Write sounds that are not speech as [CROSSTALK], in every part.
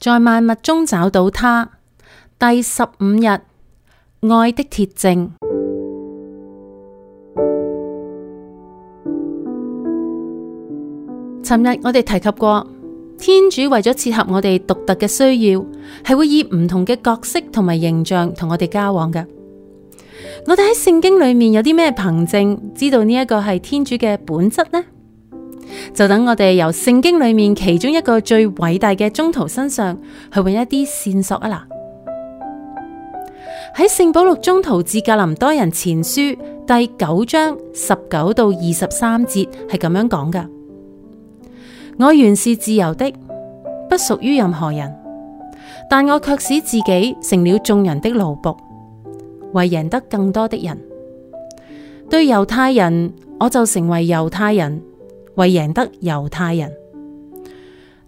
在萬物中找到祂。第十五日，愛的鐵證。尋日我哋提及過，天主為咗切合我哋獨特嘅需要，係會以唔同嘅角色同埋形象同我哋交往嘅。我哋喺聖經裏面有啲咩憑證，知道呢一個係天主嘅本質呢？就等我哋由聖經裏面其中一個最偉大嘅宗徒身上去搵一啲線索啊！啦，喺聖保禄宗徒致格林多人前書第九章十九到二十三節係咁樣講噶：我原是自由的，不屬於任何人，但我卻使自己成了眾人的奴僕，為贏得更多的人。對猶太人，我就成為猶太人。為贏得猶太人，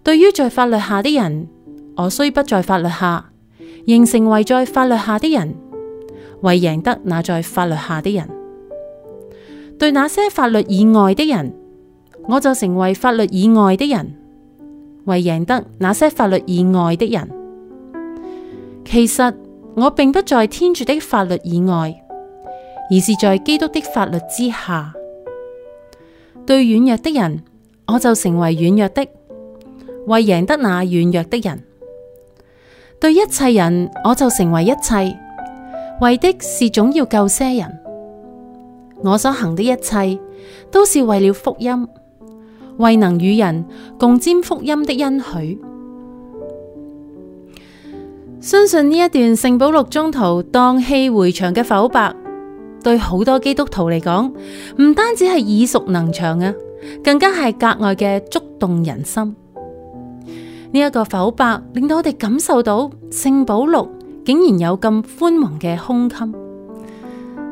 對於在法律下的人，我雖不在法律下，仍成為在法律下的人；為贏得那在法律下的人，對那些法律以外的人，我就成為法律以外的人；為贏得那些法律以外的人，其實我並不在天主的法律以外，而是在基督的法律之下。對軟弱的人，我就成為軟弱的，為贏得那軟弱的人；對一切人，我就成為一切，為的是總要救些人。我所行的一切，都是為了福音，為能與人共沾福音的恩許。相信呢一段聖保祿宗徒蕩氣迴腸嘅剖白。對好多基督徒嚟講，唔單止係耳熟能詳啊，更加係格外嘅觸動人心呢一、這個剖白，令到我哋感受到聖保祿竟然有咁寬宏嘅胸襟。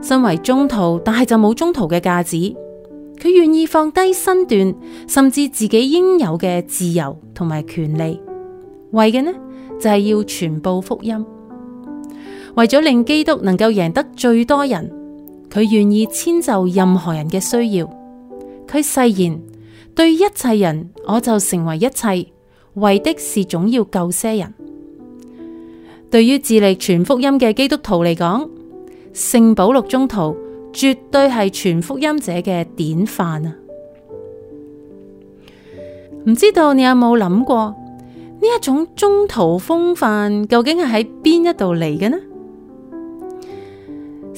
身為宗徒，但係就冇宗徒嘅架子。佢願意放低身段，甚至自己應有嘅自由同埋權利，為嘅呢就係、是、要傳播福音，為咗令基督能夠贏得最多人。佢願意遷就任何人嘅需要，佢誓言，對一切人，我就成為一切，為的是總要救些人。對於致力傳福音嘅基督徒嚟講，聖保祿宗徒絕對係傳福音者嘅典範啊！唔知道你有冇諗過呢一種宗徒風範究竟係喺邊一度嚟嘅呢？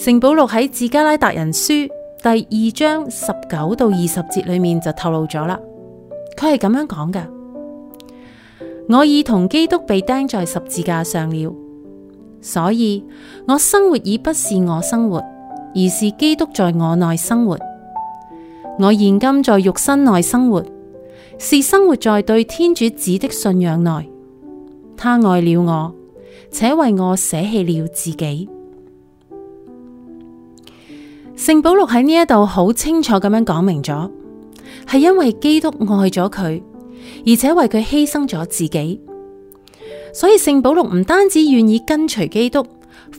聖保祿喺《致迦拉達人書》第二章十九到二十節裏面就透露咗啦，佢係咁樣講嘅：我已同基督被釘在十字架上了，所以我生活已不是我生活，而是基督在我內生活。我現今在肉身內生活，是生活在對天主子的信仰內。他愛了我，且為我捨棄了自己。聖保羅喺呢一度好清楚咁樣講明咗，係因為基督愛咗佢，而且為佢犧牲咗自己，所以聖保羅唔單止願意跟隨基督，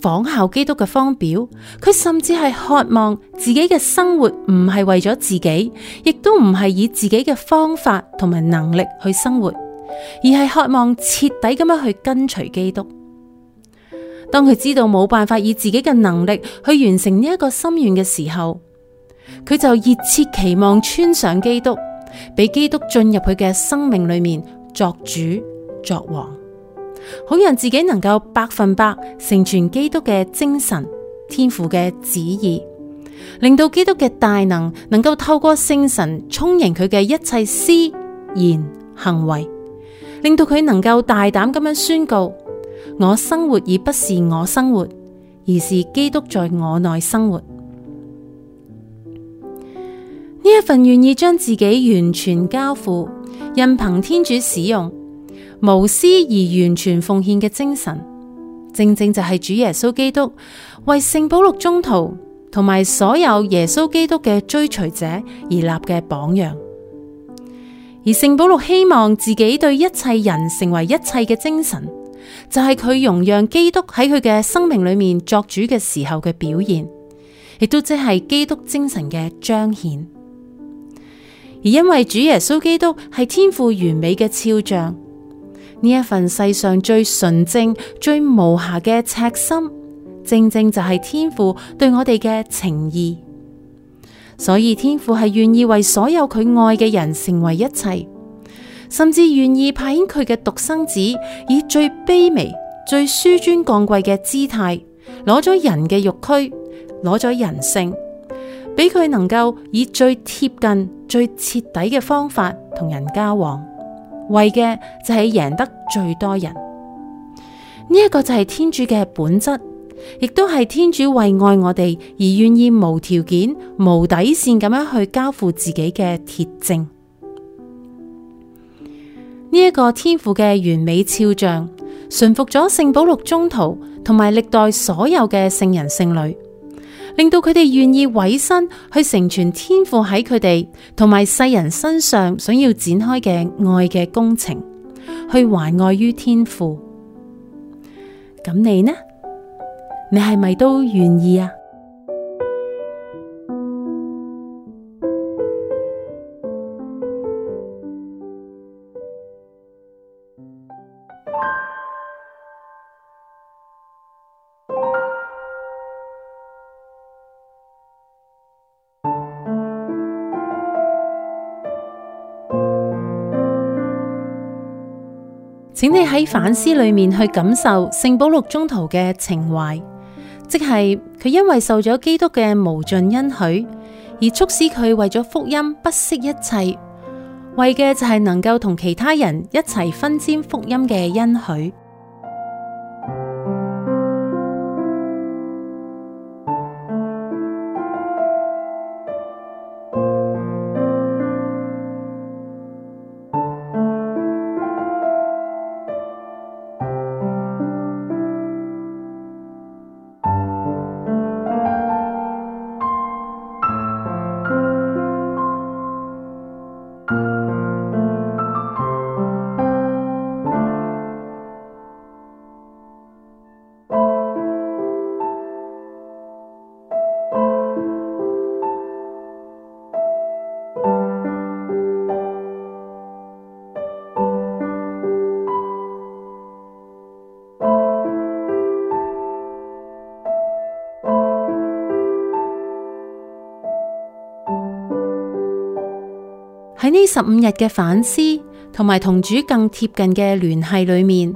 仿效基督嘅方表，佢甚至係渴望自己嘅生活唔係為咗自己，亦都唔係以自己嘅方法同埋能力去生活，而係渴望徹底咁樣去跟隨基督。當佢知道冇辦法以自己嘅能力去完成呢一個心願嘅時候，佢就熱切期望穿上基督，俾基督進入佢嘅生命裏面作主作王，好讓自己能夠百分百承傳基督嘅精神、天父嘅旨意，令到基督嘅大能能夠透過聖神充盈佢嘅一切思言行為，令到佢能夠大膽咁樣宣告。我生活已不是我生活，而是基督在我內生活。呢一份願意將自己完全交付、任憑天主使用、無私而完全奉獻嘅精神，正正就係主耶穌基督為聖保祿宗徒同埋所有耶穌基督嘅追隨者而立嘅榜樣。而聖保祿希望自己對一切人成為一切嘅精神。就係佢容讓基督喺佢嘅生命裏面作主嘅時候嘅表現，亦都即係基督精神嘅彰顯。而因為主耶穌基督係天父完美嘅肖像，呢一份世上最純正、最無瑕嘅赤心，正正就係天父對我哋嘅情意。所以天父係願意為所有佢愛嘅人成為一切。甚至願意派遣佢嘅獨生子，以最卑微、最紆尊降貴嘅姿態，攞咗人嘅肉軀，攞咗人性，俾佢能夠以最貼近、最徹底嘅方法同人交往，為嘅就係贏得最多人。呢一個就係天主嘅本質，亦都係天主為愛我哋而願意無條件、無底線咁樣去交付自己嘅鐵證。呢一個天父嘅完美肖像，馴服咗聖保祿宗徒同埋歷代所有嘅聖人聖女，令到佢哋願意委身去成全天父喺佢哋同埋世人身上想要展開嘅愛嘅工程，去還愛於天父。咁你呢？你係咪都願意啊？請你喺反思裏面去感受聖保祿宗徒嘅情懷，即係佢因為受咗基督嘅無盡恩許，而促使佢為咗福音不惜一切，為嘅就係能夠同其他人一齊分沾福音嘅恩許。呢十五日嘅反思，同埋同主更貼近嘅聯繫裏面，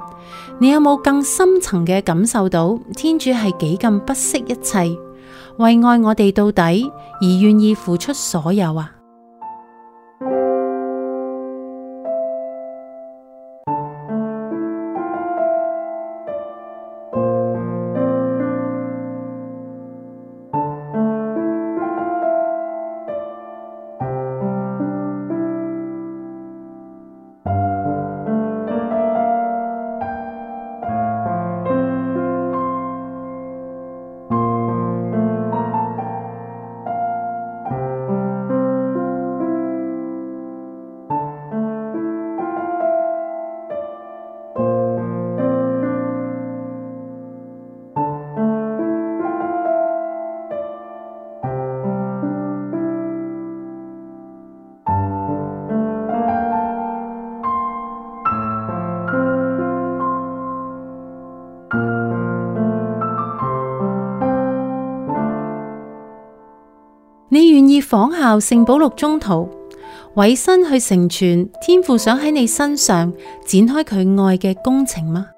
你有冇更深層嘅感受到天主係幾咁不惜一切，為愛我哋到底而願意付出所有啊？仿效聖保祿宗徒，委身去成全天父想喺你身上展開佢愛嘅工程嗎？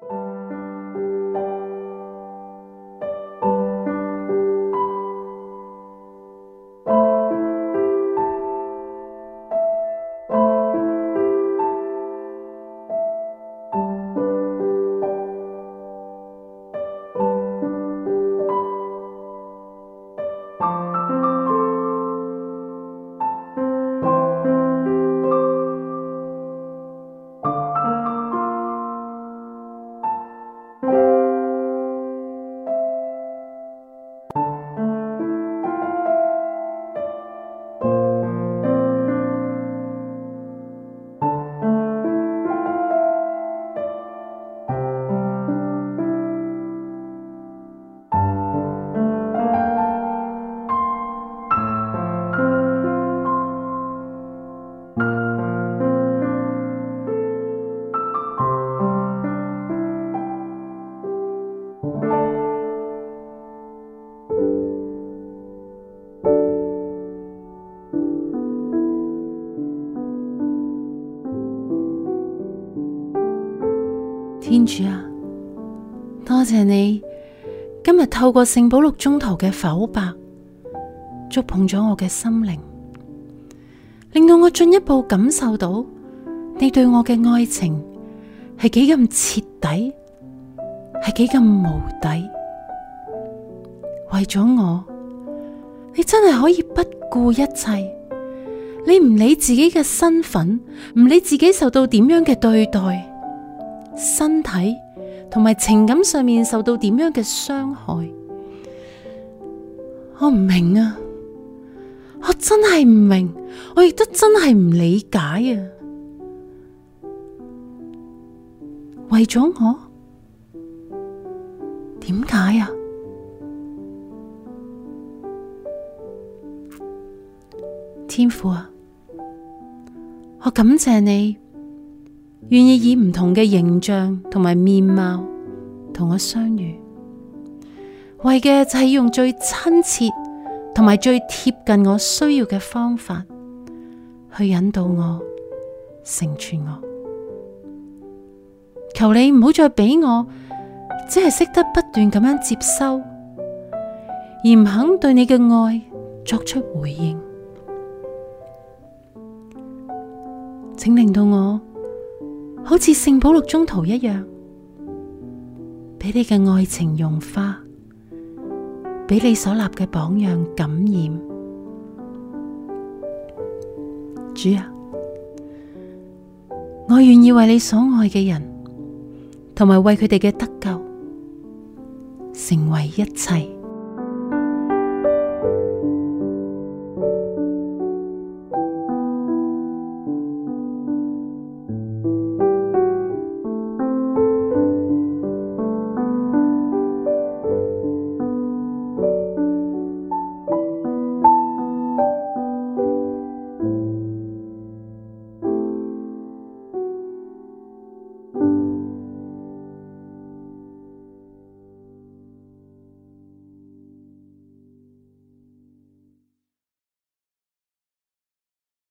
[MUSIC] [MUSIC] 多謝你今日透過聖保祿宗徒嘅剖白，觸碰咗我嘅心靈，令到我進一步感受到你對我嘅愛情係幾咁徹底，係幾咁無底。為咗我，你真係可以不顧一切，你唔理自己嘅身份，唔理自己受到點樣嘅對待。身體同埋情感上面受到點樣嘅傷害？我唔明啊，我真係唔明，我亦都真係唔理解啊！為咗我，點解啊？天父啊，我感謝你。願意以唔同嘅形象同埋面貌同我相遇，為嘅就係用最親切同埋最貼近我需要嘅方法去引導我、成全我。求你唔好再俾我，只係識得不斷咁樣接收，而唔肯對你嘅愛作出回應。請令到我。好似聖保祿宗徒一樣，俾你嘅愛情融化，俾你所立嘅榜樣感染。主啊，我願意為你所愛嘅人，同埋為佢哋嘅得救，成為一切。